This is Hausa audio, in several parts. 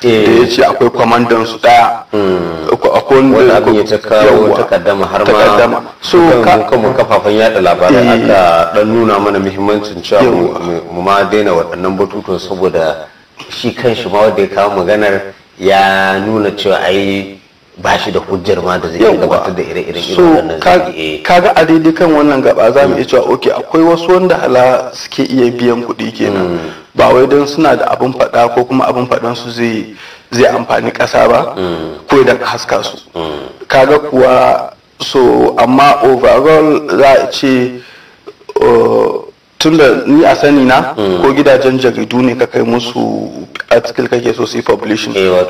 Eh, da ya ce akwai kwamandan su daya hmm. akwai wanda abin ya ta kawo takaddama har ma so ka kuma kafafan yada labarai eh. aka dan nuna mana muhimmancin cewa mu ma daina waɗannan batutun saboda shi kan shi ma wanda ya kawo maganar ya nuna cewa ai ba shi da hujjar ma da zai gabatar da ire-iren irin wannan zai kaga a daidai kan wannan gaba za mu iya hmm. cewa oke akwai wasu wanda hala suke iya biyan kuɗi kenan hmm. ba wai don suna da abin faɗa ko kuma abin faɗan su zai zai amfani ƙasa ba mm. ko idan haska su mm. kaga kuwa so amma overall za a ce tun da ni a sani na mm. ko gidajen jaridu ne ka kai musu article kake so su yi publishing eh, eh,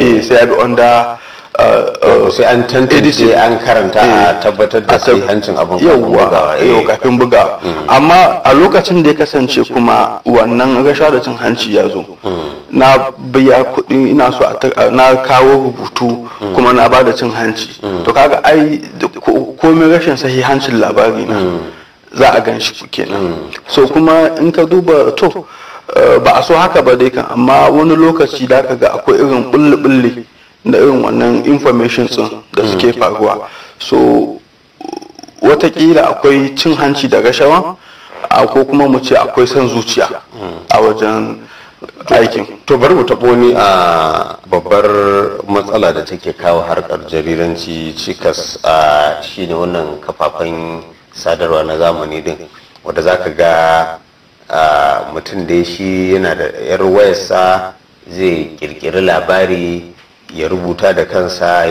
eh. sai ya bi under sai an tantance an karanta a eh. tabbatar da hancin abin yawwa yau eh, eh. kafin buga mm. amma a lokacin da ya kasance kuma wannan rasha da cin hanci ya zo mm. na biya kuɗi ina so na kawo rubutu mm. kuma na bada cin hanci to kaga ai komai rashin sahihancin labari na za a gan shi kenan so kuma in ka duba to ba a so haka ba dai kan amma wani lokaci da ka ga akwai irin bulle-bulle na irin wannan information sun da suke faruwa so watakila akwai cin hanci da rashawa ko kuma mu ce akwai son zuciya a wajen aikin to bari mu taɓo ni a babbar matsala da take kawo harkar jariranci cikas a shine wannan kafafen sadarwa na zamani din wanda zaka ga mutum da shi yana da yar wayarsa zai kirkiri labari ya rubuta da kansa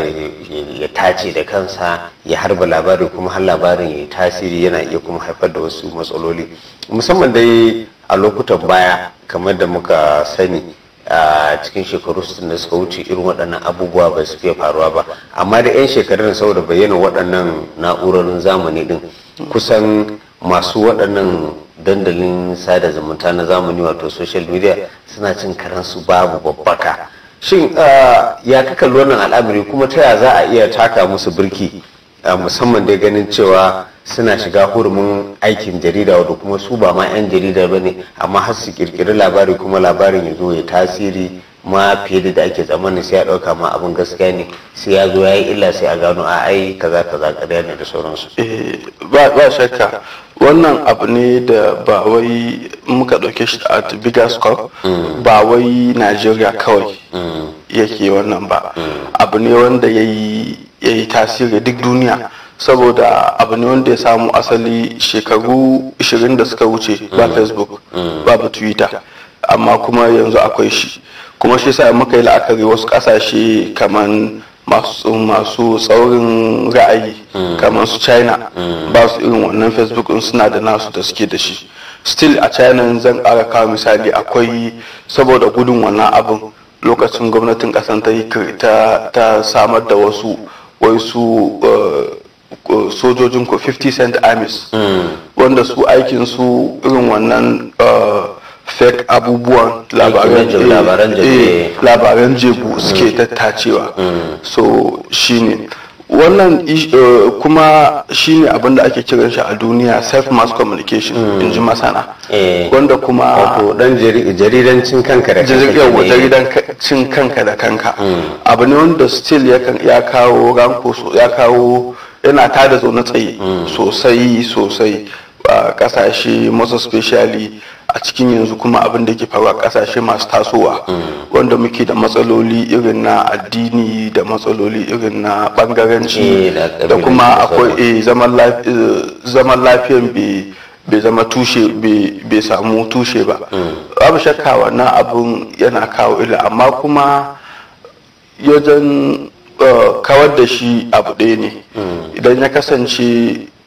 ya tace da kansa ya harba labari kuma har labarin ya tasiri yana iya kuma haifar da wasu matsaloli musamman dai a lokutan baya kamar da muka sani a cikin shekaru da suka wuce irin waɗannan abubuwa ba su fiye faruwa ba amma da 'yan shekarun saboda bayyana waɗannan na'urorin zamani din kusan masu waɗannan dandalin sada zumunta na zamani wato social media suna cin karansu babu babbaka shin uh, ya ka kalli wannan al'amari kuma ta ya za a iya taka musu birki uh, musamman dai ganin cewa suna shiga hurumin aikin jarida wadda kuma su ba ma 'yan jarida ba ne amma har su kirkiri labari kuma labarin ya zo ya tasiri ma fiye da ake tsammanin sai ya ɗauka ma abin gaskiya ne sai ya zo ya yi illa sai a gano a ai kaza kaza ƙarya ne da sauransu. Eh, ba shakka wannan abu ne da ba wai muka ɗauke shi a bigger scope mm. ba wai najeriya kawai mm. yake wannan ba mm. abu ne wanda ya yi tasiri duk duniya saboda abu ne wanda ya samu asali shekaru 20 da suka wuce ba facebook babu twitter amma kuma yanzu akwai shi kuma shi sa muka yi la'akari wasu kasashe kamar masu tsaurin ra'ayi kamar su china mm. ba su irin wannan facebook suna da nasu da suke da shi still a china zan kara kawo misali akwai saboda gudun wannan abin lokacin gwamnatin kasan ta yi ta samar da wasu wai eh, eh, sojojin ko 50 cent amis mm. wanda su aikin su irin wannan eh, fake abubuwan labaran jebu eh, eh. Mm. suke tattacewa mm. so shine wannan eh, kuma shine abin da ake kiran shi a duniya self mass communication mm. in ji masana wanda kuma wato dan jaridancin kanka da kanka jaridancin kanka da kanka abu ne wanda still ya kawo ranko ya kawo yana tada zo na tsaye sosai sosai A kasashe most especially a cikin yanzu kuma abin da ke faruwa kasashe masu tasowa mm. wanda muke da matsaloli irin na addini da matsaloli irin na bangaranci da kuma akwai eh, eh, zaman lafiyan bai zama tushe bai samu tushe ba mm. babu shakka wannan abun yana kawo ila amma kuma yajen eh, kawar da shi abu ɗaya ne mm. idan ya kasance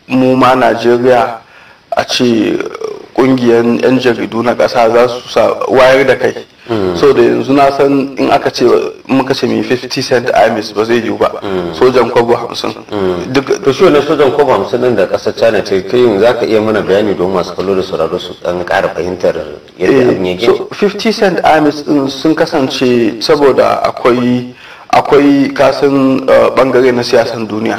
mu ma najeriya a ce kungiyar yan jaridu na kasa za su wayar da kai mm. so da yanzu na san in aka ce muka ce mai 50 cent amis ba zai yiwu ba mm. sojan kwabo hamsin mm. duk da shi wannan sojan kwabo hamsin din da kasar china ce kai za ka iya mana bayani don masu kallo da sauraro su dan kara fahimtar yadda eh, abin yake so 50 cent amis din sun kasance saboda akwai akwai kasan bangare eh, na siyasan duniya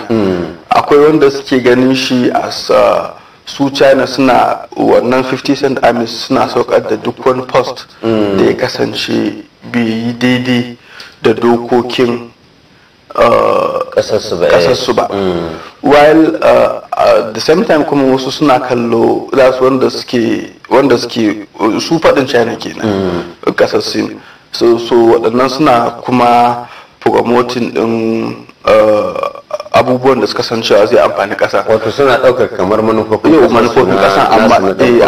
akwai wanda suke ganin shi as uh, su china suna wannan 50 cent amis suna saukar da duk wani post mm. da ya kasance bai daidai da dokokin kasarsu uh, ba eh. mm. while at uh, uh, the same time kuma wasu suna kallo su wanda suke su faɗin china kenan kasar mm. sin so waɗannan suna kuma promoting ɗin Eh, abubuwan da suka san cewa zai amfani kasa wato suna daukar kamar manufofin yau manufofin kasa amma dai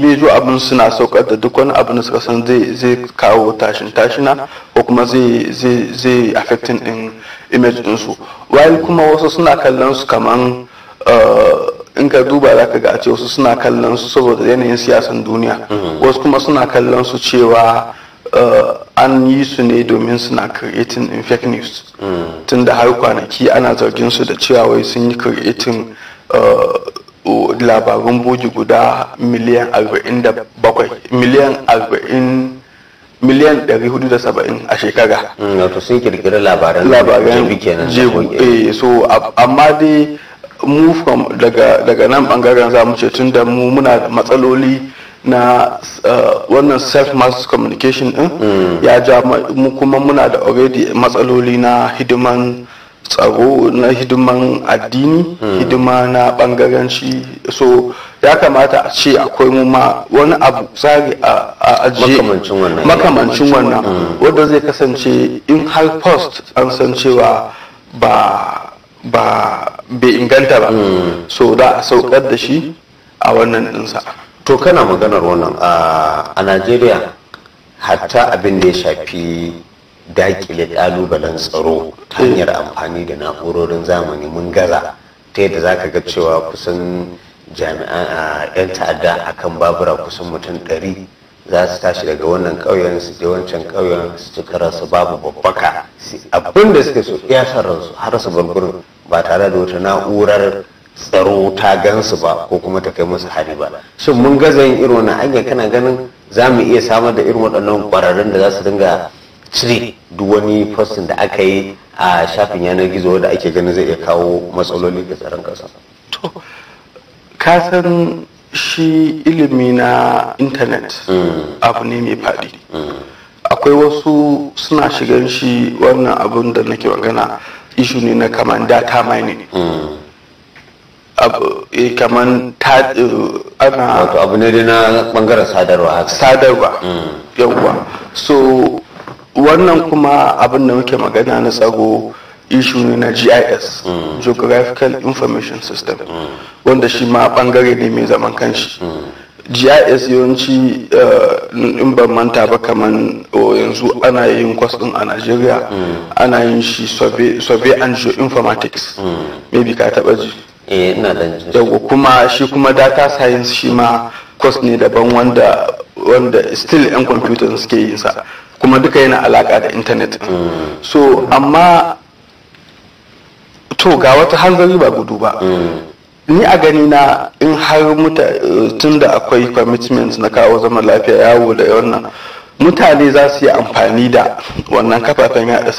mejo abin suna saukar da duk wani abin da suka san zai kawo tashin tashina ko kuma zai affecting din image din su while kuma wasu suna kallon su kaman eh, in ka duba za ka ga a ce wasu suna kallon su saboda yanayin siyasan duniya mm-hmm. wasu kuma suna kallon su cewa Uh, an yi su ne domin suna creating in fake news mm. tun da har kwanaki ana zargin su da cewa wai sun yi creating uh, labarun bogi guda miliyan 47 miliyan 47 miliyan 470 a shekara. Mm, wato sun kirkiri labaran labaran kenan eh, so amma dai mu daga nan bangaren za mu ce tun da mu muna da matsaloli na eh, wannan self mass communication din ya ja mu kuma muna da already matsaloli na hidiman tsaro na hidiman addini hidima na bangaranci so ya kamata a ce akwai mu ma wani abu tsari a ajiye makamancin wannan mm. wanda zai kasance in har post an san cewa ba ba bai inganta ba mm. so da a saukar da shi a wannan dinsa to kana maganar wannan a najeriya hatta abin da ya shafi dakile ƙalubalen tsaro ta hanyar amfani da na'urorin zamani mun gaza ta yadda za ka ga cewa kusan jami'an a 'yan ta'adda akan babura kusan mutum ɗari za su tashi daga wannan ƙauyen su je wancan ƙauyen su ci su babu babbaka abin da suke so iya son ransu har su ba tare da wata na'urar tsaro ta gansu ba ko kuma ta kai masu hari ba shin mun gaza yin irin wannan hanya kana ganin za mu iya samar da irin waɗannan ƙwararrun da za su dinga cire duk wani fasin da aka yi a shafin yanar gizo da ake ganin zai iya kawo matsaloli ga tsaron ƙasa to ka san shi ilimi na intanet mm. abu ne mai faɗi mm. akwai wasu suna shigan shi wannan abun da nake magana ishu ne na kaman data mining mm. Eh, kamar ta eh, ana wato abu ne na bangaren sadarwa sadarwa mm. yawwa so wannan kuma abin da muke magana na tsago ishu ne na gis mm. geographical information system mm. wanda shi ma bangare ne mai zaman kanshi gis yawanci eh, in ban manta ba kaman oh, yanzu ana yin kwas din a nigeria ana yin shi survey and geoinformatics maybe ka taba ji Eh, yau kuma shi kuma data science shi ma course ne daban wanda wanda still yan computer suke yi sa kuma duka yana alaka da internet mm. so amma to ga wata hanzari ba gudu ba mm. ni a gani na in har tun da akwai commitment na kawo zama lafiya yawo da wannan mutane za su yi amfani da wannan kafafen yada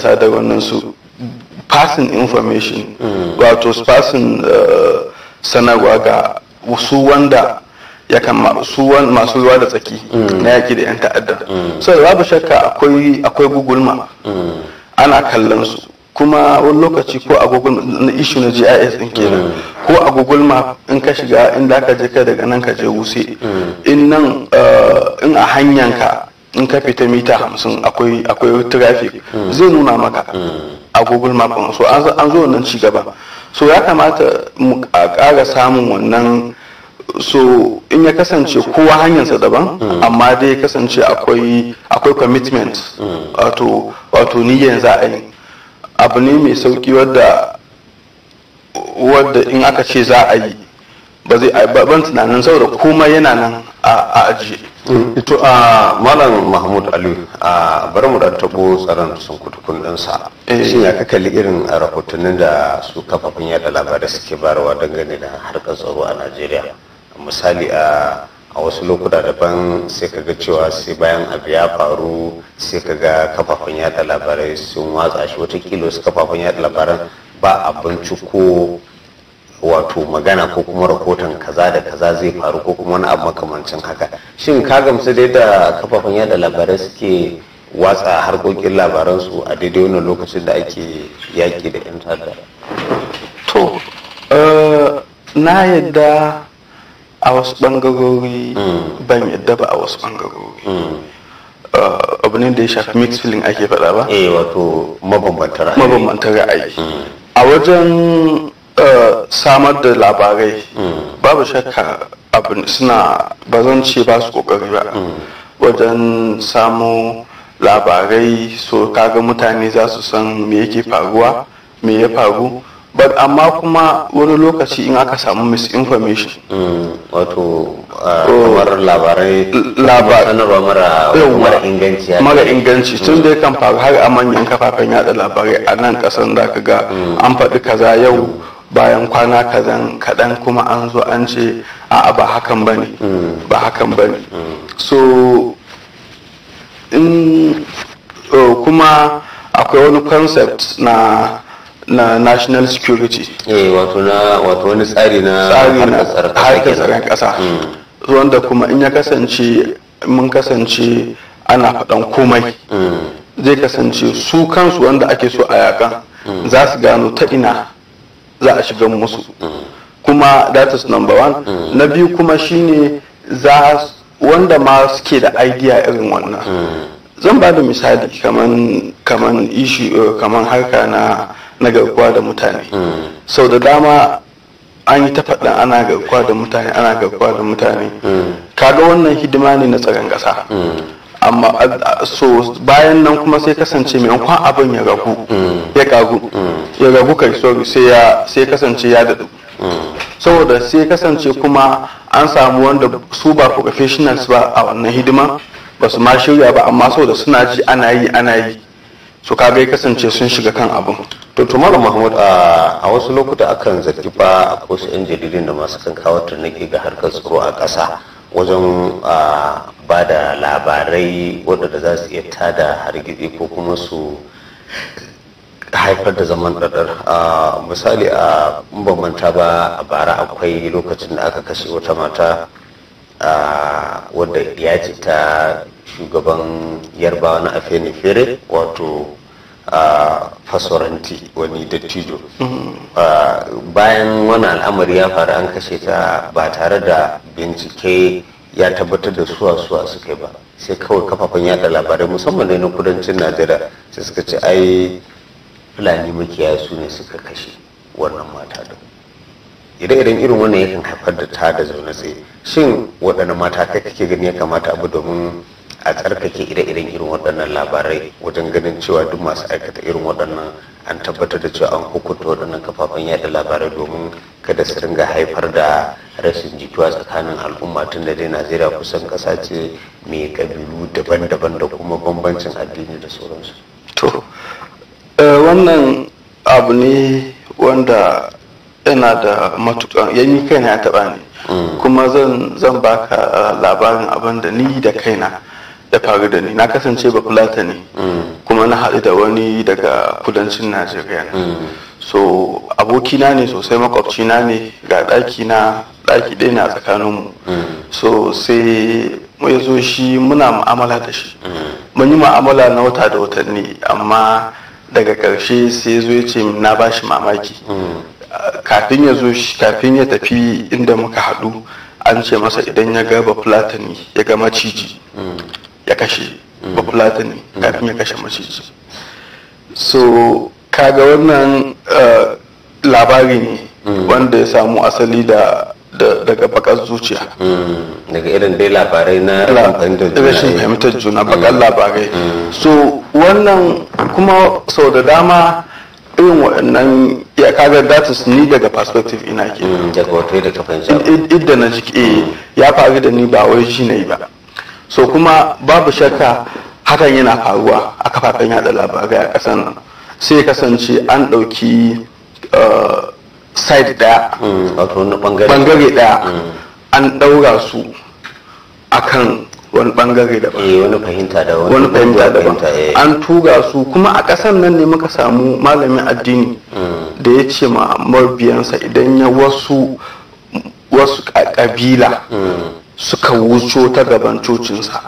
sadar wannan su passing information wato passing uh, sanarwa ga su wanda ya kama su masu ruwa da tsaki na yaki da 'yan ta'adda so babu shakka akwai gugulma ana kallon su kuma wani lokaci ko a google na ishu na gis din kenan ko a google map in ka shiga inda ka je ka daga nan ka je wuse in nan uh, in a hanyanka in ka fita mita hamsin akwai akwai traffic zai nuna maka a google map so an zo nan ci gaba so ya kamata mu kara samun wannan so in ya kasance kowa hanyarsa daban amma dai ya kasance akwai commitment wato niyyar za a yi abu ne mai sauki wadda in aka ce za a yi ba zai ban tunanin saboda kuma yana nan a ajiye mm. to a ah, malam mahmud ali a ah, bar mu dan tabo tsaron sun kutukun ɗinsa eh. shin ya kalli irin rahotannin da su kafafin yada labarai suke barawa dangane da harkar tsaro a najeriya misali a ah, a wasu lokuta daban sai ka ga cewa sai bayan abu ya faru sai kaga ga kafafen yada labarai sun watsa shi watakila wasu kafafen yada labaran ba abinci ko wato magana ko kuma rahoton kaza da kaza zai faru ko kuma wani abu makamancin haka shin ka gamsu dai da kafafen yada labarai suke watsa harkokin labaransu a daidai wannan lokacin da ake yaƙi da 'yan tada? to eh, na yadda a wasu bangarori mm. ban yadda ba a wasu bangarori mm. eh, abu ne da ya shafi mix feeling ake faɗa ba eh wato mabambantar ra'ayi mm. a wajen samar da labarai hmm. babu shakka abu suna ba ce ba su kokari ba hmm. wajen samu labarai so kaga mutane za su san me yake faruwa me ya faru but amma kuma wani lokaci in aka samu misinformation hmm. wato ah, oh. kamar labarai sanarwa mara inganci mara inganci tun da kan faru har a manyan kafafen yada labarai a nan kasan da ka ga an faɗi kaza yau bayan kwana kazan kaɗan kuma an zo an ce a'a ba hakan bane mm. ba hakan bane mm. so in uh, kuma akwai wani concept na na national security eh wato na wato wani tsari na harkar tsaron kasa mm. wanda kuma in ya kasance mun kasance ana faɗan komai zai kasance su kansu wanda ake so a yakan za su gano ta ina za a shiga musu kuma that is number one na biyu kuma shine za wanda ma suke da idea irin wannan zan ba da misali kaman kaman ishi eh, kamar harka na na garkuwa da mutane sau da dama an yi ta ana garkuwa da mutane ana garkuwa da mutane kaga wannan hidima ne na tsaron ƙasa amma so bayan nan kuma sai kasance mai kwan abin ya ragu mm. ya kagu mm. ya ragu kai sai ya sai kasance ya dadu mm. saboda sai kasance kuma an samu wanda su ba professionals ba a wannan hidima ba su ma shirya ba amma saboda suna ji ana yi ana yi su kaga kasance sun shiga kan abin to malam mahmud a wasu lokuta akan zargi ba a wasu yan jaridun da masu kan kawo nake ga harkar tsaro a ƙasa wajen ba da labarai waɗanda za su iya tada hargitsi ko kuma su haifar da zaman ɗaɗar misali a banbanta ba a bara akwai lokacin da aka kashe wata mata wadda ya ce ta shugaban yarbawa na afenifere wato a fasoranti wani dattijo mm-hmm. bayan wani al'amari ya faru an kashe ta ba tare da bincike ya tabbatar da suwa suwa suka yi ba sai kawai kafafen yada labarai musamman da na kudancin najeriya sai suka ce ai fulani makiyaya su ne suka kashe wannan mata da ire-iren irin wannan yakan haifar da ta da zaune tsaye shin waɗanne mata kai kake gani ya kamata abu domin a tsarkake ire-iren irin waɗannan labarai wajen ganin cewa duk masu aikata irin waɗannan an tabbatar da cewa an hukunta waɗannan kafafen yada labarai domin kada su ringa haifar da rashin jituwa tsakanin al'umma tun da dai najeriya kusan ƙasa ce mai ƙabilu daban-daban da kuma bambancin addini da sauransu to eh, wannan abu ne wanda yana da matukan yanyi na ya taɓa ne mm. kuma zan baka labarin abin da ni da kaina ya faru da ni na kasance ba fulata ne kuma na haɗu da wani daga kudancin najeriya so abokina ne sosai makwabcina ne ga ɗaki na ɗaki ɗaya na tsakanin mu. so sai ya zo shi muna mu'amala da shi mun yi ma'amala na wata da watanni amma daga ƙarshe sai zo ya ce na ba shi mamaki kafin ya zo shi kafin ya tafi inda muka haɗu an ce masa idan ya ga ba fulatani ya ga maciji ya kashe mm. bafulatani mm. kafin ya kashe maciji so kaga wannan eh, labari ne mm. wanda ya samu asali da daga bakar zuciya daga irin dai labarai na rashin fahimtar juna bakar labarai so wannan kuma sau da dama irin waɗannan ya kaga datus ni daga perspective ina ke daga wato daga fahimta idda na jiki eh, ya faru da ni ba wai shi ne ba so kuma babu shakka hakan yana faruwa a kafafen yada labarai a kasan nan sai kasance an ɗauki uh, side ɗaya Bangare mm, ɗaya mm. an ɗaura su akan wani da eh, daban wani fahimta da wani fahimta eh. an tura su kuma a ƙasar nan ne muka samu malamin addini mm. da ya ce ma mabiyansa idan ya wasu wasu ƙabila suka wuco ta gaban cocinsa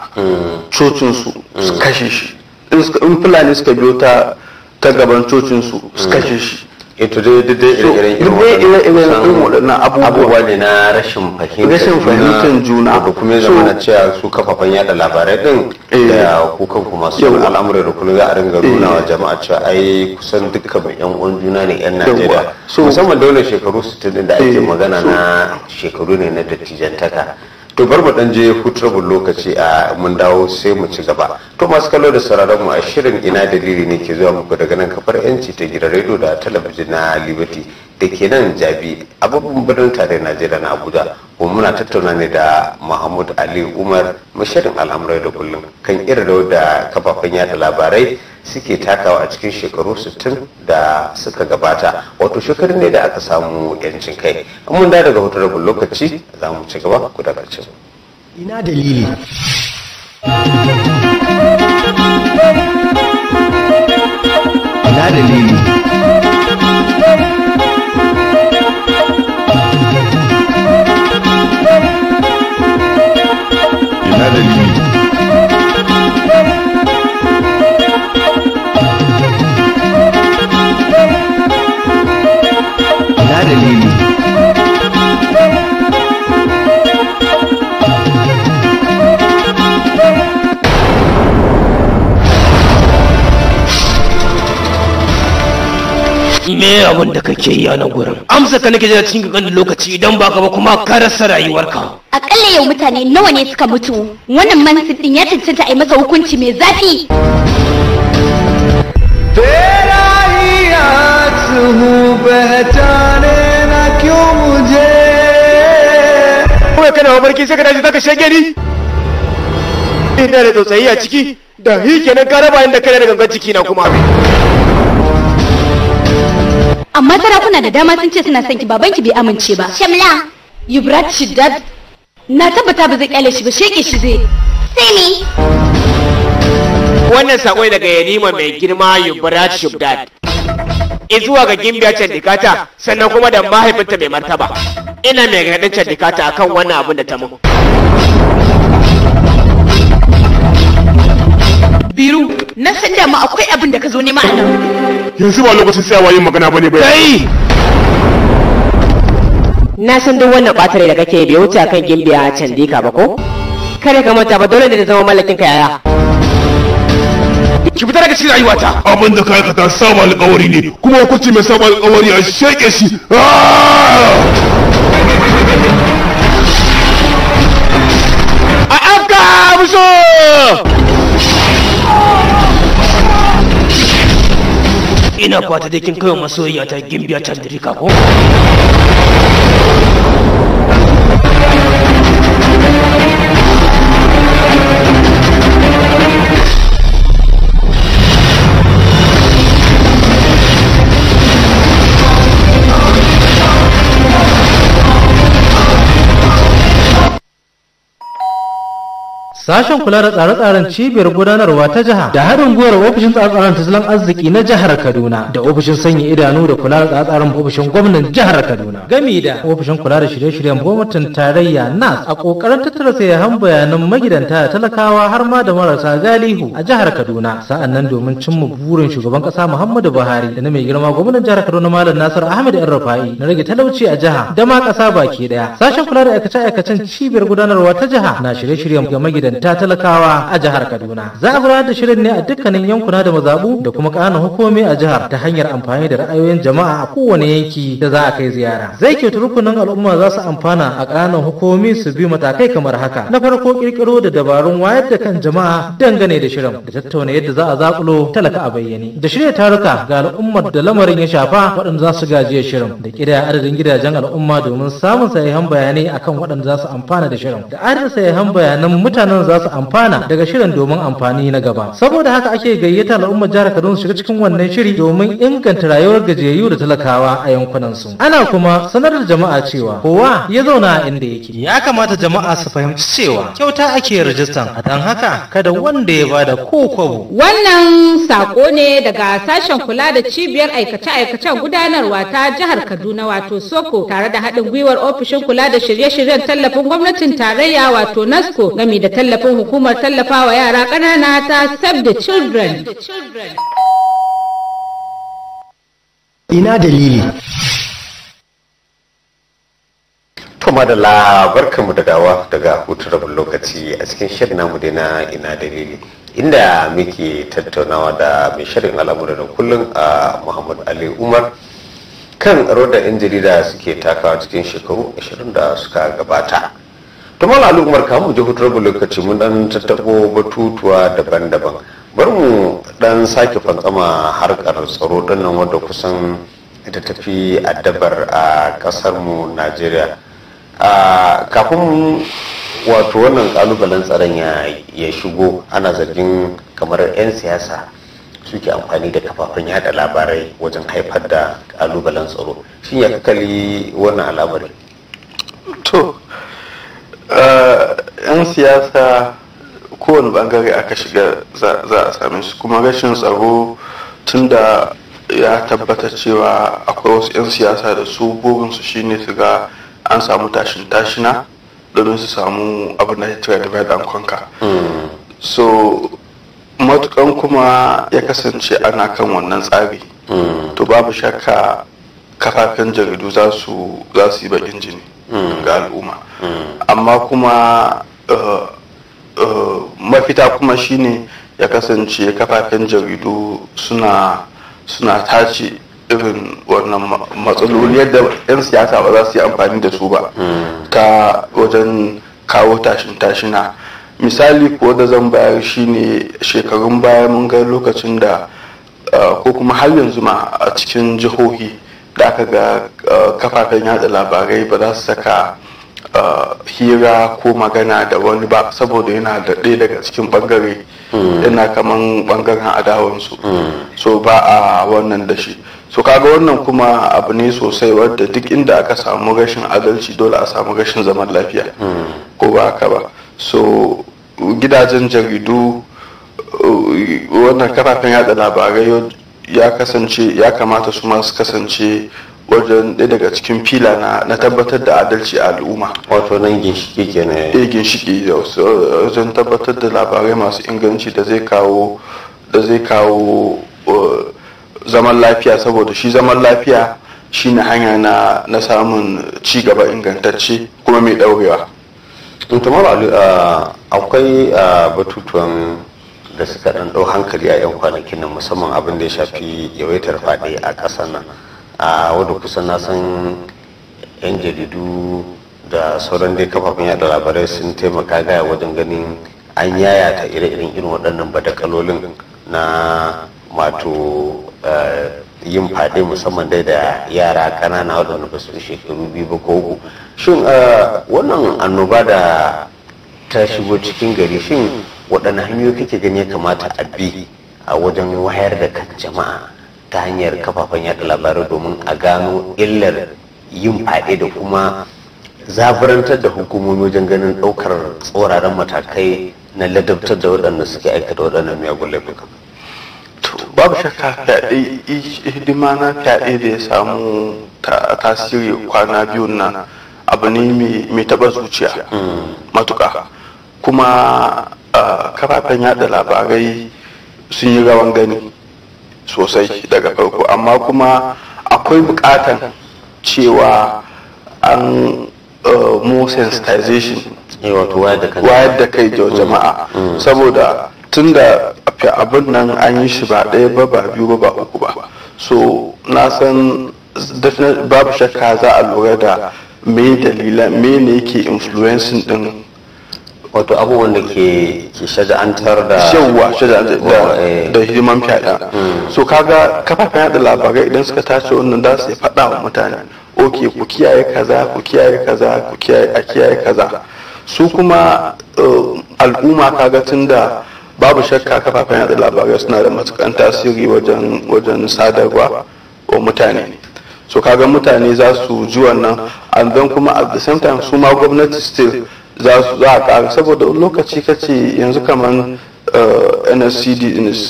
cocinsu su kashe shi in fulani suka biyo ta ta gaban cocinsu su kashe shi ito eh, dai dai irin waɗannan abubuwa ne na rashin fahimtar juna da kuma zama na cewa su kafafan yada labarai din eh. da ku kuma su al'amuran da kuma za a ringa nuna eh. wa jama'a cewa ai kusan dukkan mai yan uwan juna ne yan Najeriya musamman da wannan shekaru 60 da ake magana na shekaru ne na dattijantaka to bar mu dan je hutarabun lokaci a mun dawo sai mu ci gaba to masu kallo da sauraron mu a shirin ina dalili ne ke zuwa muku daga nan kafar yanci ta gidan rediyo da talabijin na liberty da ke nan jabi a babban birnin tare najeriya na abuja kuma muna tattauna ne da mahmud ali umar mashirin al'amurai da kullum kan irin da kafafen yada labarai suke takawa a cikin shekaru 60 da suka gabata wato shekaru ne da aka samu yancin kai mun da daga hoton rabin lokaci za mu ci gaba ku daga cin ina dalili ina dalili Avenue. me abin da kake yi a nan gurin amsa ka nake jira cikin kankan lokaci idan baka ba kuma ka rasa rayuwarka akalla yau mutane nawa ne suka mutu wannan mansin din ya tantance a yi masa hukunci mai zafi kana mafarki sai ka dace zaka shege ni ina da tsautsayi a ciki da hi kenan ka raba inda kana da gangan ciki na kuma amma kuna da dama sun ce suna son ki babanki bai amince ba shamla you brought shiddad na tabbata ba zai kyale shi ba sheke shi zai sai ni wannan sako daga yanima mai girma you brought shiddad zuwa ga gimbiya candikata sannan kuma da mahaifinta mai martaba ina mai gaɗin candikata akan wannan abin da ta mu. biru na san dama akwai abin da ka zo nema a nan yanzu ba lokacin tsayawa yin magana bane ba kai na san duk wannan batare da kake bai wuce akan gimbi a can dika ba ko kare ka manta ba dole ne da zama mallakin ka yaya ki fita daga cikin rayuwata abin da ka aikata saba alƙawari ne kuma hukunci mai saba alƙawari a sheke shi ah! a afka musu ina fata da kin masoyi masoyiya ta gimbiya dirika ko Sashen kula da tsare-tsaren cibiyar gudanarwa ta jiha da haɗin gwiwar ofishin tsare-tsaren tattalin arziki na jihar Kaduna da ofishin sanya idanu da kula da tsare-tsaren ofishin gwamnan jihar Kaduna. Gami da ofishin kula da shirye-shiryen gwamnatin tarayya NAS a ƙoƙarin tattara sayayyan bayanan magidanta da talakawa har ma da marasa galihu a jihar Kaduna. Sa'an nan domin cimma burin shugaban ƙasa Muhammadu Buhari da na mai girma gwamnan jihar Kaduna Malam Nasir Ahmed El Rufai na rage talauci a jiha da ma ƙasa baki ɗaya. Sashen kula da aikace-aikacen cibiyar gudanarwa ta jiha na shirye-shiryen magidanta ta talakawa a jihar Kaduna. Za a gudanar da shirin ne a dukkanin yankuna da mazabu da kuma ƙananan hukumi a jihar ta hanyar amfani da ra'ayoyin jama'a a kowane yanki da za a kai ziyara. Zai kyautu rukunin al'umma za su amfana a ƙananan hukumi su bi matakai kamar haka. Na farko ƙirƙiro da dabarun wayar da kan jama'a dangane da shirin da tattauna yadda za a zakulo talaka a bayyane. Da shirya taruka ga al'ummar da lamarin ya shafa waɗanda za su gajiya shirin da ƙidaya adadin gidajen al'umma domin samun sahihan bayanai akan waɗanda za su amfana da shirin da adadin sahihan bayanan mutanen Kaduna za su amfana daga shirin domin amfani na gaba. Saboda haka ake gayyata al'ummar jihar Kaduna su shiga cikin wannan shiri domin inganta rayuwar gajiyayyu da talakawa a yankunan su. Ana kuma sanar da jama'a cewa kowa ya zauna inda yake. Ya kamata jama'a su fahimci cewa kyauta ake rajistan a dan haka kada wanda ya bada ko kwabo. Wannan sako ne daga sashen kula da cibiyar aikace-aikacen gudanarwa ta jihar Kaduna wato Soko tare da haɗin gwiwar ofishin kula da shirye-shiryen tallafin gwamnatin tarayya wato NASCO gami da tallafin tallafin hukumar tallafawa yara ƙanana ta Save the Children. Ina dalili. Tuma da labarkanmu da dawa daga hutun rabin lokaci a cikin shirin namu dai na ina dalili. Inda muke tattaunawa da mai shirin al'amuran kullum a Muhammad Ali Umar. kan rawar da 'yan jarida suke takawa cikin shekaru 20 da suka gabata ta al'ummar kamu kamun hutar turbu lokaci mun dan tattabo batutuwa daban-daban bari mu dan sake fantsama harkar tsaro dinnan wanda kusan ita tafi addabar a kasar mu najeriya kafin wato wannan kalubalen tsaron ya shigo ana zargin kamar 'yan siyasa suke amfani da kafafen yada labarai wajen haifar da kalubalen tsaro shi ya kakali wannan al'amari to 'yan siyasa kowane bangare aka shiga za a same shi kuma rashin tsaro tun da ya tabbata cewa akwai wasu 'yan siyasa da su burinsu shine su ga an samu tashin tashina domin su samu abin da ya tura da bayan kwanka so matukan kuma ya kasance ana kan wannan tsari to babu shakka kafafen jaridu za su yi bakin jini ga al'umma amma kuma eh, eh, mafita kuma shine ya kasance kafafen jaridu suna tace irin wannan matsaloli yadda 'yan siyasa ba za su yi amfani da su ba ta wajen kawo tashin tashina misali ko da zan bayar shine shekarun baya mun ga lokacin da eh, ko kuma har yanzu ma a cikin jihohi da aka ga uh, kafafen yada labarai ba za su saka uh, hira ko magana da wani ba saboda yana da ɗaya daga cikin bangare hmm. yana kaman bangaren adawansu hmm. so ba a wannan da shi so kaga wannan kuma abu ne sosai wadda duk inda aka samu rashin adalci dole a samu rashin zaman lafiya hmm. ko ba haka ba so gidajen jaridu uh, wannan kafafen yada labarai ya kasance ya kamata su masu kasance wajen ɗaya daga cikin fila na tabbatar da adalci a al'umma wato nan ginshiki kenan eh, eh ginshiki eh, wajen tabbatar da labarai masu inganci da zai kawo eh, zaman lafiya saboda shi zaman lafiya shine hanya na na samun ci gaba ingantacce kuma mai ɗaurewa. Tumar akwai batutuwan da suka dan ɗau hankali a 'yan kwanakin nan musamman abin da ya shafi yawaitar faɗi a ƙasar nan a wadda kusan na san 'yan jaridu da sauran dai kafafen yada labarai sun taimaka gaya wajen ganin an yayata ire-iren irin waɗannan badakalolin na mato eh, yin faɗe musamman dai da yara ƙanana waɗanda ba su shekaru biyu ba ko uku shin eh, wannan annoba da ta shigo cikin gari shin waɗanne hanyoyi kake gani ya kamata a bi a wajen wayar da kan jama'a ta hanyar kafafen yada labarai domin a gano illar yin faɗe da kuma zaburantar da hukumomi wajen ganin ɗaukar tsauraran matakai na ladabtar da waɗanda suke aikata waɗannan miyagun laifuka. babu shakka fyaɗe hidima na fyaɗe da ya samu tasiri kwana biyun nan abu ne mai taɓa zuciya mm. matuƙa kuma kafafen yada labarai sun yi rawan gani sosai daga farko amma kuma akwai bukatan cewa an mu sensitization eh, wayar da kai da mm, jama'a mm. saboda tun da abin nan an yi shi ba ɗaya ba ba biyu ba ba uku ba so na san babu shakka za a lura da me dalila me ne yake influencing din wato abubuwan da ke shaja'antar da yawwa shaja'antar da eh. hidiman fyaɗa mm. so kaga kafafen yaɗa labarai idan suka tashi wannan za su faɗa wa mutane ok ku kiyaye kaza ku kiyaye kaza ku kiyaye a kiyaye kaza su kuma eh, al'umma kaga tun da babu shakka kafafen yaɗa labarai suna da matukan tasiri wajen sadarwa wa mutane so kaga mutane za su ji wannan and then kuma at the same time su ma gwamnati still za su za a ƙara saboda lokaci kace yanzu kamar eh, nscd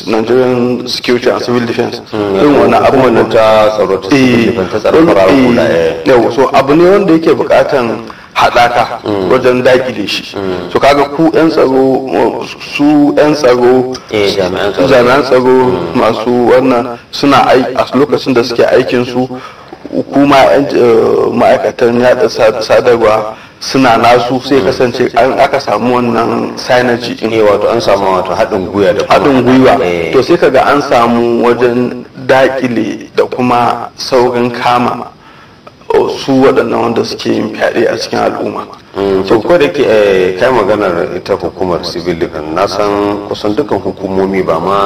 nigerian security and civil defense hmm. irin wani abu ne eh, ta tsaro ta eh, tsaro so abu ne wanda yake bukatan haɗaka hmm. wajen dakile shi hmm. so kaga ku yan tsaro su yan tsaro jami'an tsaro masu wannan suna a lokacin da suke aikin su kuma ma'aikatan yada sadarwa suna nasu sai kasance an aka samu wannan synergy ne eh, wato an samu wato haɗin gwiwa da haɗin gwiwa eh. to sai kaga an samu wajen dakile da kuma saurin kama oh, su waɗannan wanda suke yin fyaɗe a cikin al'umma mm, to ko da ke eh, kai maganar ita hukumar civil defense na san kusan dukkan hukumomi ba ma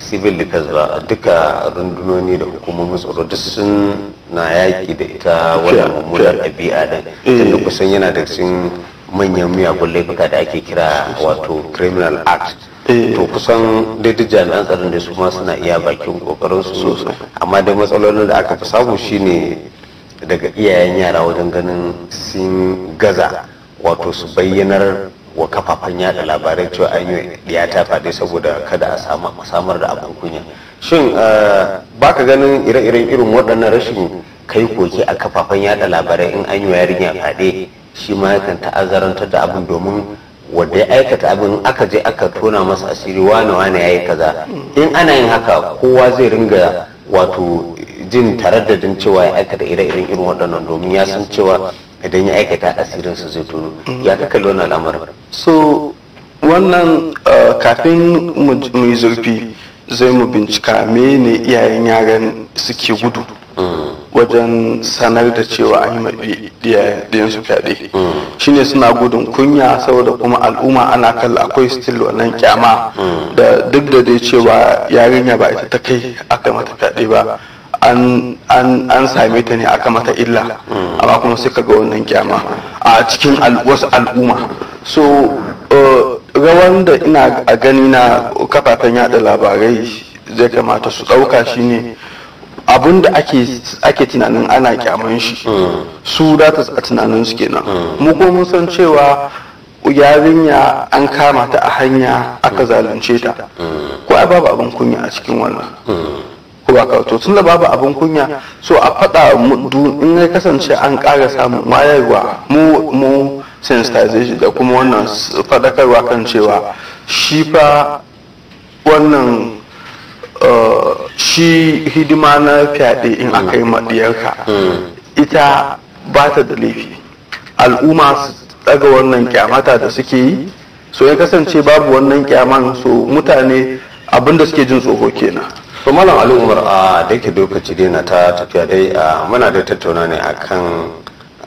civil defense ba duka rundunoni da hukumomin tsaro duk sun na yaki da ita wannan mummunar ɗabi'a din eh. tunda kusan yana da cikin manyan miyagun laifuka da ake kira wato criminal act eh. to kusan daidai jami'an tsaron da su ma suna iya bakin kokarin su amma dai matsalolin da aka fi samu shine daga iyayen yara wajen ganin Sin gaza wato su bayyanar wa kafafen yada labarai cewa an yi ya ta faɗi saboda kada a samar da abin kunya shin eh, baka ganin ire-iren irin waɗannan rashin kai koke a kafafan yada labarai in an yi wa yarinya faɗi shi ma yakan ta'azzarantar da abin domin wadda ya aikata abin aka je aka tona masa asiri wane wane ya yi kaza in ana yin haka kowa zai ringa wato jin taraddadin cewa ya aikata ire-iren irin waɗannan domin ya san cewa idan ya aikata asirin su zai tunu. ya ka kalli wannan al'amarin so wannan uh, kafin mu yi zurfi zai mu bincika me ne iyayen yaren suke gudu mm. wajen sanar da cewa an yi ɗiyan su fyaɗe mm. Shi ne suna gudun kunya saboda kuma al'umma ana kalla akwai still wannan kyama mm. da duk da dai cewa yarinya ba ita ta kai aka mata fyaɗe ba an same ta ne aka mata illa amma kuma suka ga wannan kyama a cikin wasu al'umma so rawan eh, da ina a gani na kafafen yada labarai zai kamata su ɗauka ne, abun da ake tunanin ana kyaman shi su da a tunanin su kenan mu ko mun san cewa yarinya an kama ta a hanya aka zalunce ta ko a babu abin kunya a cikin wannan ba kawai to da babu abin kunya so a faɗa in ya kasance an ƙara samun wayarwa mu mu sensitization da kuma wannan faɗakarwa kan cewa shi fa wannan eh, shi hidima na fyaɗe in aka yi maɗiyarka ita ba ta da laifi al'umma su ɗaga wannan kyamata da suke yi so ya kasance babu wannan kyaman so mutane abinda suke jin tsoro kenan to malam ali umar a da yake lokaci dai na ta tafiya dai muna da tattauna ne kan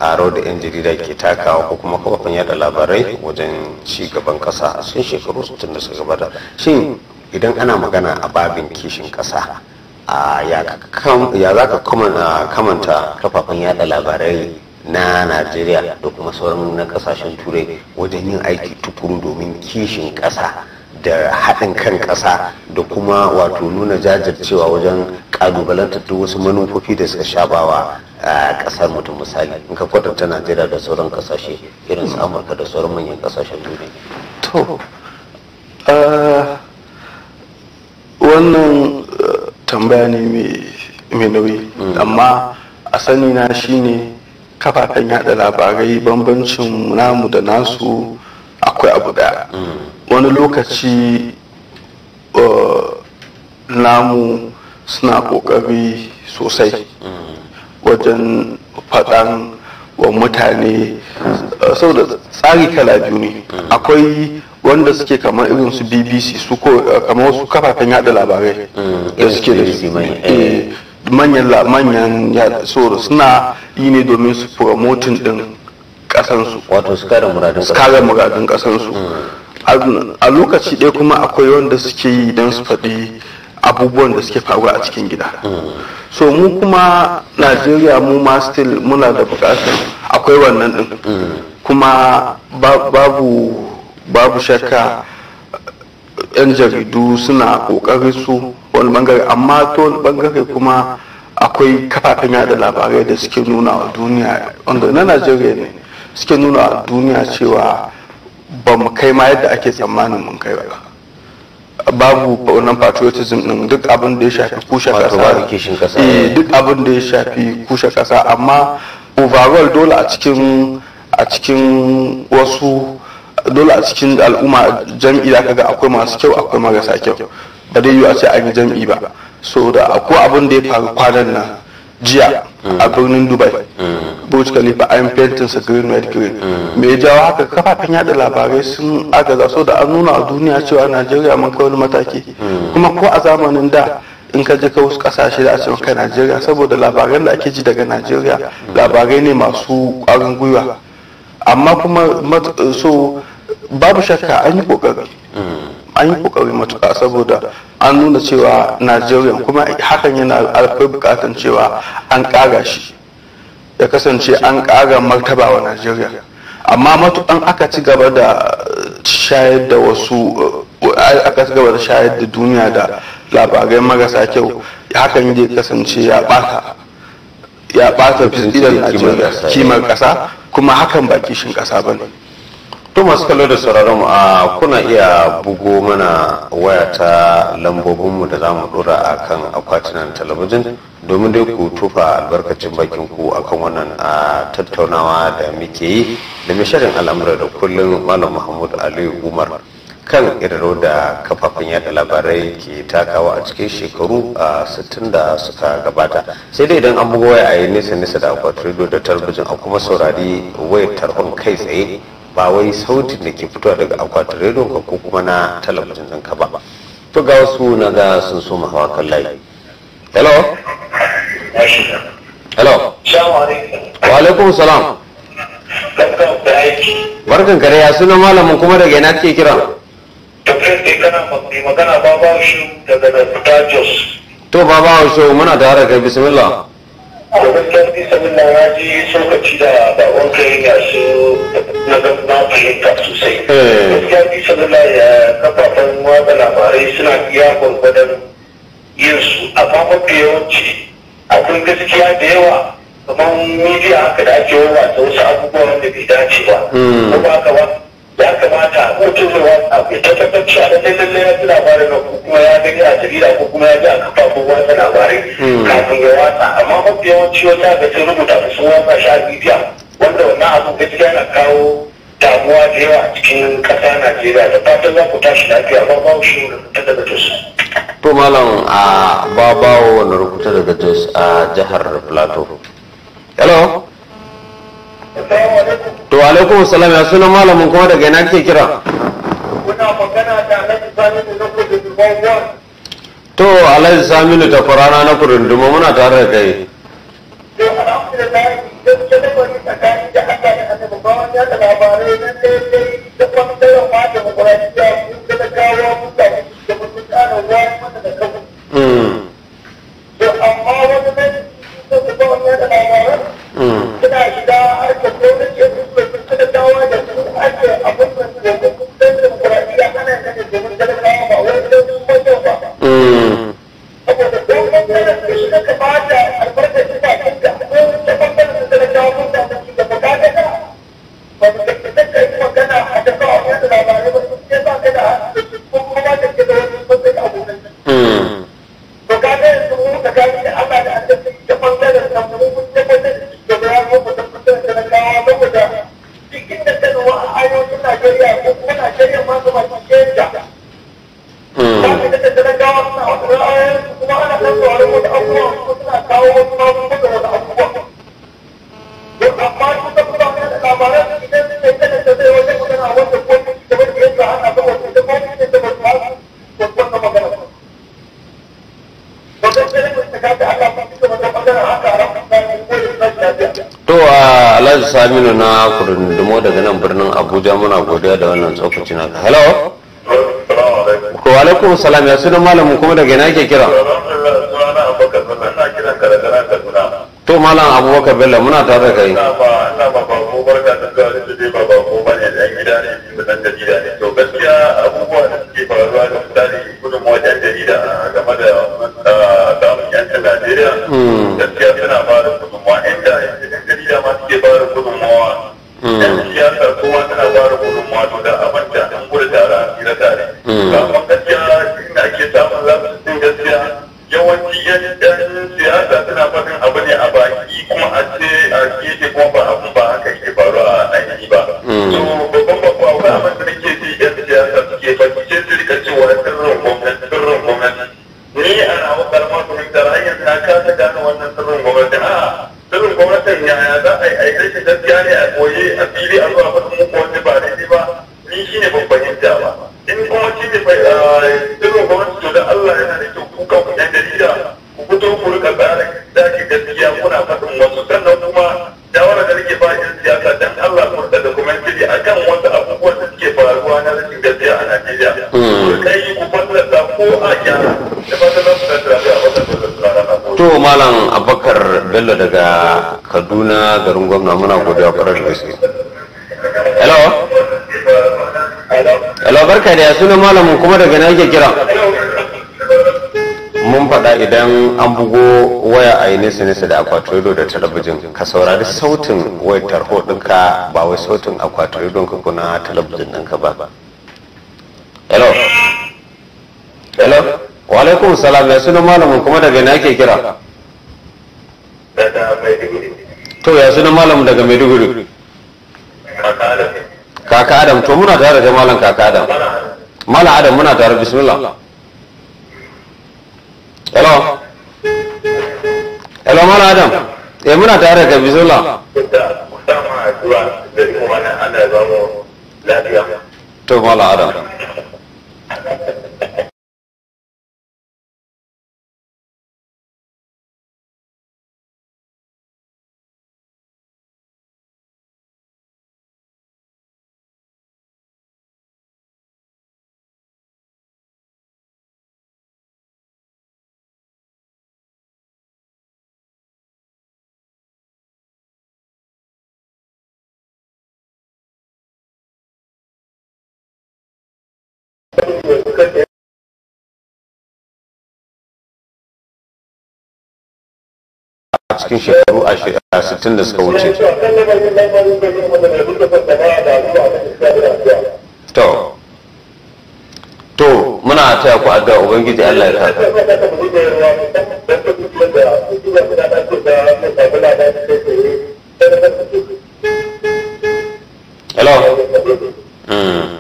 a da yan jarida ke takawa ko kuma kafafen yada labarai wajen ci gaban kasa sun shekaru sittin da suka gabata shin idan ana magana a babin kishin kasa ya za ka kamanta kafafen yada labarai na najeriya da kuma sauran na kasashen turai wajen yin aiki tukuru domin kishin kasa da haɗin kan ƙasa da kuma wato nuna jajircewa wajen ƙalubalantar da wasu manufofi da suka shabawa a ƙasar mutum misali in ka kwatanta najeriya da sauran ƙasashe irin su amurka da sauran manyan ƙasashen duniya wannan tambaya ne mai nauyi mm. amma a sani na shine kafafen yada labarai bambancin namu da nasu akwai abu daya mm. wani lokaci eh, namu suna kokari sosai wajen faɗan wa mutane eh, saboda tsari kala biyu ne akwai wanda suke kamar irin su bbc su ko eh, kamar wasu kafafen yada labarai da suke da mm, manyan manyan yada suna yi ne domin su promoting din kasansu wato su kare muradin kasansu a lokaci ɗaya kuma akwai wanda suke yi don su faɗi abubuwan da suke faruwa a cikin gida so mu kuma najeriya mu ma still muna da bukatar akwai wannan ɗin kuma babu babu shakka yan jaridu suna ƙoƙari su wani bangare amma ta wani bangare kuma akwai kafafen yada labarai da suke nuna wa duniya wanda na najeriya ne suke nuna wa duniya cewa ba mu kai ma yadda ake tsammanin mun kai ba babu wannan patriotism din duk abin da ya shafi kushe kasa eh, duk abin da ya shafi kushe kasa amma overall dole a cikin a cikin wasu dole a cikin al'umma jam'i da kaga akwai masu kyau akwai marasa kyau ba dai yiwu a ce an yi jam'i ba so da akwai abin da ya faru kwanan nan jiya a birnin dubai burj khalifa an fentin sa green red green me ya jawo haka kafafen yada labarai sun agaza so da an nuna a duniya cewa najeriya mun kai mataki kuma ko a zamanin da in ka je ka wasu kasashe da a cewa kai najeriya saboda labaran da ake ji daga najeriya labarai ne masu kwarin gwiwa amma kuma so babu shakka an yi kokari an yi kokari matuƙa saboda an nuna cewa najeriya kuma hakan yana akwai bukatan cewa an ƙara shi ya kasance an ƙara martaba wa najeriya amma matuƙan aka ci gaba da shayar da wasu aka ci gaba da shayar da duniya da labarai marasa kyau hakan zai kasance ya ɓata ya ɓata fisilar najeriya kimar ƙasa kuma hakan ba kishin ƙasa bane. to masu kallo da sauraron mu a kuna iya bugo mana waya ta lambobinmu da za mu dora a kan akwatinan talabijin domin dai ku tufa albarkacin bakin ku kan wannan a tattaunawa da muke yi da mishirin al'amura da kullum malam muhammad aliyu umar kan irin da kafafen yada labarai ke takawa a cikin shekaru a sittin da suka gabata sai dai idan an buga waya a yi nesa nesa da akwatin da talabijin a kuma saurari wayar tarhon kai tsaye ba wai sautin da ke fitowa daga akwatin rediyon ka ko kuma na talabijin ɗin ka ba to ga wasu na ga sun so mu hawa kan layi hello hello wa alaikum salam barkan kare ya suna malamin kuma daga yana ke kira magana shi daga to shi muna da haraka bismillah da gaskiyar fi sabila ya ji tsokaci da babban kai ya su na gaba fahimta sosai gaskiyar fi sabila ya kafafen watsa labarai suna iya gwargwadon yin su a mafi yawanci akwai gaskiya da yawa kamar midiya haka da ake wawa wasu abubuwan da bai dace ba ko ba ya kamata mutum da wasa ya tabbatar cewa da sai lalle ya labarin nan kuma ya gani a jarida ko kuma ya ji a kafafun watsa labarai hmm. kafin ya watsa amma mafi yawanci wata ga sun rubuta da sun watsa shi a wanda wannan abu gaskiya na kawo damuwa da yawa a cikin ƙasa najeriya da fatan za ku tashi lafiya ba ba shi rubuta daga jos to malam a babawo wani rubuta daga jos a jihar plateau hello to alaikum salam ya sunan malamin kuma daga ina kake kira kuna magana da alhaji saminu na kudin to na kudin muna tare da kai to alhamdulillah duk da da ya labarai nan na kurundumo daga nan birnin abuja muna godiya da wannan tsokaci na hello ko alaikum salam ya sunan malamin kuma daga ina ke kira to malam abubakar bello muna tare kai to malam abakar bello daga kaduna garin gwamna muna godiya kwarar da gaske hello hello barka da sunan malamin kuma daga na yake kira mun faɗa idan an bugo waya a yi nesa nesa da akwatoyo da talabijin ka saurari sautin wayar tarho ɗinka ba wai sautin akwatoyo ka kuna talabijin ɗinka ba alaikum salam ya sunan malamin kuma daga ina ake kira to ya sunan malamin daga maiduguri kaka adam to muna tare da malam kaka adam malam adam muna tare bismillah hello hello malam adam ya eh, muna tare da bismillah to malam adam cikin shekaru a sittin da suka wuce to to muna taya ku ga ubangiji Allah ya kaka hello hmm.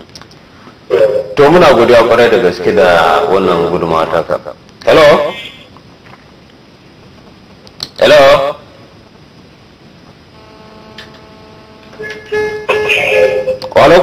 to muna godiya kwarai da gaske da wannan gudunmawa ta hello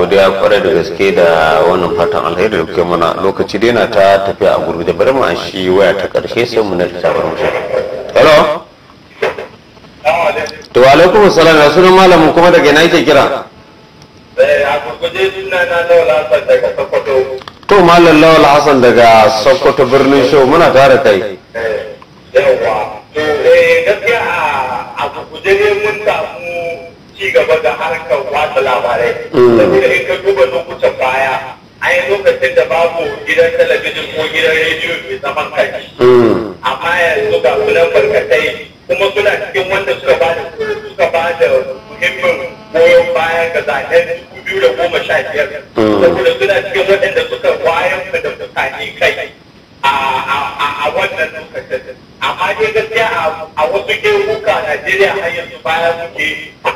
godiya kwarai da gaske da wannan fatan alheri da kuke mana lokaci dai na ta tafiya a gurbi da bari mu an shi waya ta karshe sai mu na tsabar mu hello to alaikum assalam ya sunan malamu kuma daga ina yake kira eh, to malam lawal hasan daga sokoto birnin show muna tare kai watsa labarai mm. saboda in ka duba lokutan baya an yi lokacin da babu gidan talabijin ko gidan rediyo mai zaman kai. Mm. amma yanzu ga kulan barkatai kuma suna cikin wanda suka ba da suka ba da muhimmin goyon baya ga zaɓen dubu biyu da goma sha biyar mm. saboda suna cikin waɗanda suka wayan da mutane kai a wannan lokacin amma dai gaskiya a wasu geruka Najeriya har yanzu baya muke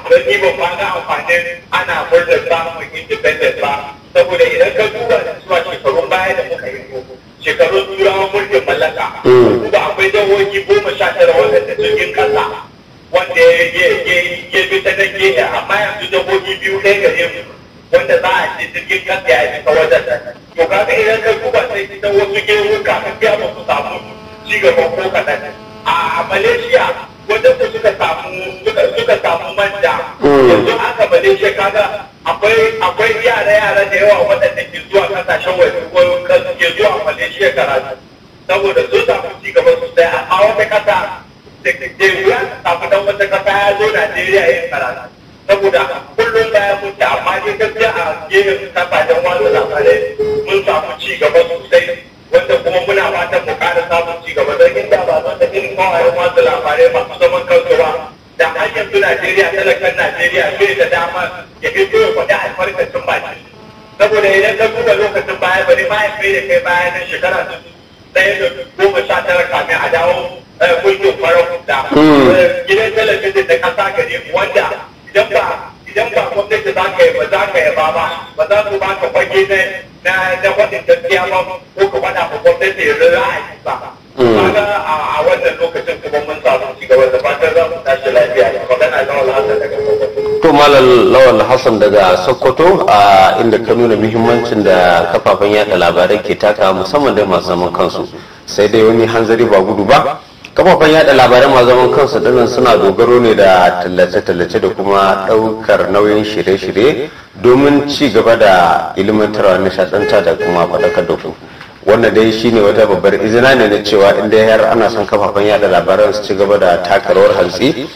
don ni ba ba na amfanin ana murda samun independent ba saboda idan ka duba da suwa shekarun baya da muka yi shekarun turawan mulkin mallaka hmm. duba akwai jihohi goma sha tara wadanda jirgin kasa wanda ya bi ta nan gehe amma yanzu jihohi biyu ɗaya gare mu wanda za a ce jirgin kasa ya yi ta wajen to ga idan ka duba sai ta wasu geruka ka biya ba su samu ci gaban ko kaɗan a malaysia saboda sun samu ci gaba sosai a wata kasa da ke wuya samu dan wata kasa ya zo Najeriya yi karatu saboda kullum baya ya mutu amma dai gaskiya a gefen kasashen wata labarai mun samu ci gaba sosai wanda kuma muna fatan mu kara samun ci gaba don inda ba zan da irin kawayen wasu labarai masu zaman kansu ba da hanyar su Najeriya talakan Najeriya bai da dama ya fito ya faɗi albarkacin baki saboda idan ka duba lokacin baya bari ma ya da kai baya nan shekara mataki na Hassan to malal lawal Hassan daga Sokoto a inda ka nuna muhimmancin da kafafen yada labarai ke taka musamman da masu zaman kansu sai dai wani hanzari ba gudu ba kafafen yada labarai masu zaman kansu dinnan suna dogaro ne da tallace-tallace da kuma daukar nauyin shirye-shirye domin ci gaba da na nishaɗanta da kuma faɗakar da wannan dai shine wata babbar izina ne na cewa inda yara ana son kafafen yada labaran su ci gaba da takarwar hantsi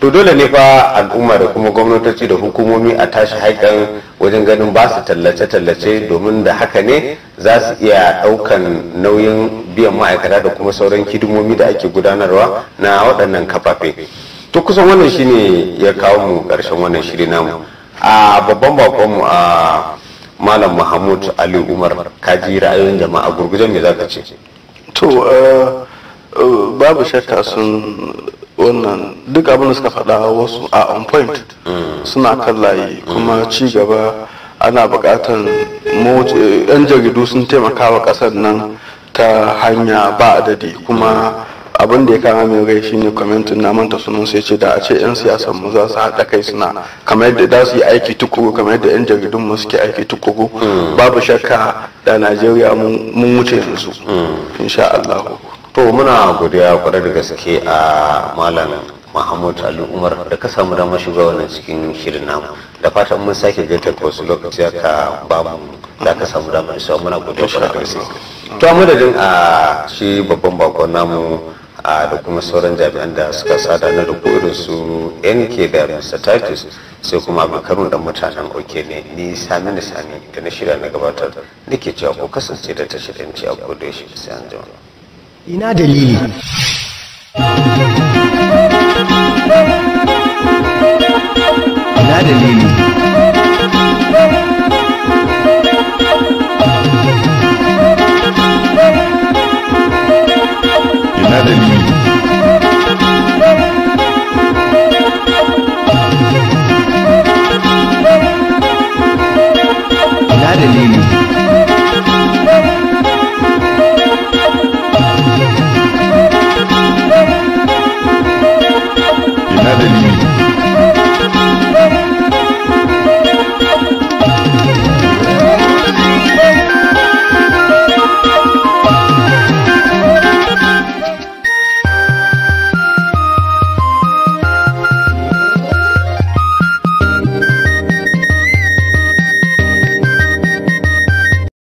to dole ne fa al'umma da kuma gwamnatoci da hukumomi a tashi haikan wajen ganin ba su tallace-tallace domin da haka ne za su iya ɗaukan nauyin biyan ma'aikata da kuma sauran hidimomi da ake gudanarwa na waɗannan kafafe to kusan wannan shine ya kawo mu karshen wannan shiri namu a babban bakonmu a malam mahmud ali umar kaji ra'ayoyin jama'a gurgujen me zaka ce to uh, uh, babu shakka sun wannan duk abin da suka faɗa wasu a on point mm. suna kan layi kuma ci gaba ana buƙatar eh, yan jaridu sun taimaka wa ƙasar nan ta hanya ba adadi kuma abin da ya kama min rai shine kwamitin na manta sunan sai ce da a ce yan siyasan mu za su haɗa kai suna kamar yadda za su yi aiki tukuru kamar yadda yan jaridun mu suke aiki tukuru hmm. babu shakka da najeriya mun wuce yanzu hmm. insha Allah to muna godiya kwarai da gaske a malam Muhammad Ali Umar da ka samu damar shiga wannan cikin shirin namu da fatan mun sake ganta ko su lokaci ka ba mu da ka samu damar shiga muna godiya kwarai da gaske to a madadin a shi babban bakon namu a da kuma sauran jami'an da suka sada na riko irin su nk da mr sai kuma abin da mutanen oke ne ni sami na sami da na shirya na gabatar da ke cewa ko kasance da ta shirya ci a koda shi sai an jima ina dalili ina dalili Marilene.